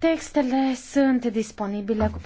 Textele sunt disponibile cu